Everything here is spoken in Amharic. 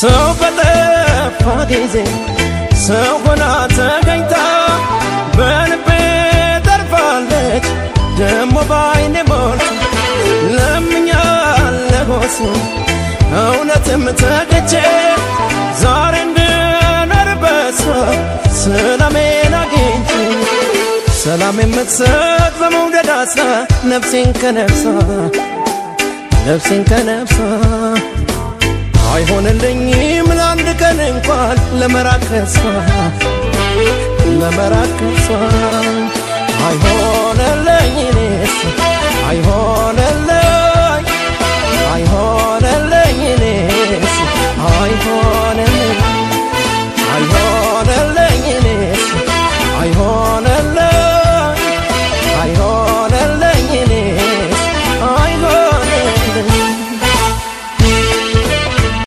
ሰው በጠፋ ጊዜ ሰው ሆና ተገኝታ በልቤ ጠርፋለች ደሞ ባይኔ ሞልታ ለምኛለጎሱ እውነትም ተገቼ ዛሬ እንድኖር ሰላሜን አግኝቼ ሰላም የምትሰጥ በመውደዳሳ ነፍሴን ከነፍሳ ነፍሴን ከነፍሳ አይሆንልኝም ለአንድ ቀን እንኳን ለመራቅ ከሷ ለመራቅ ከሷ አይሆን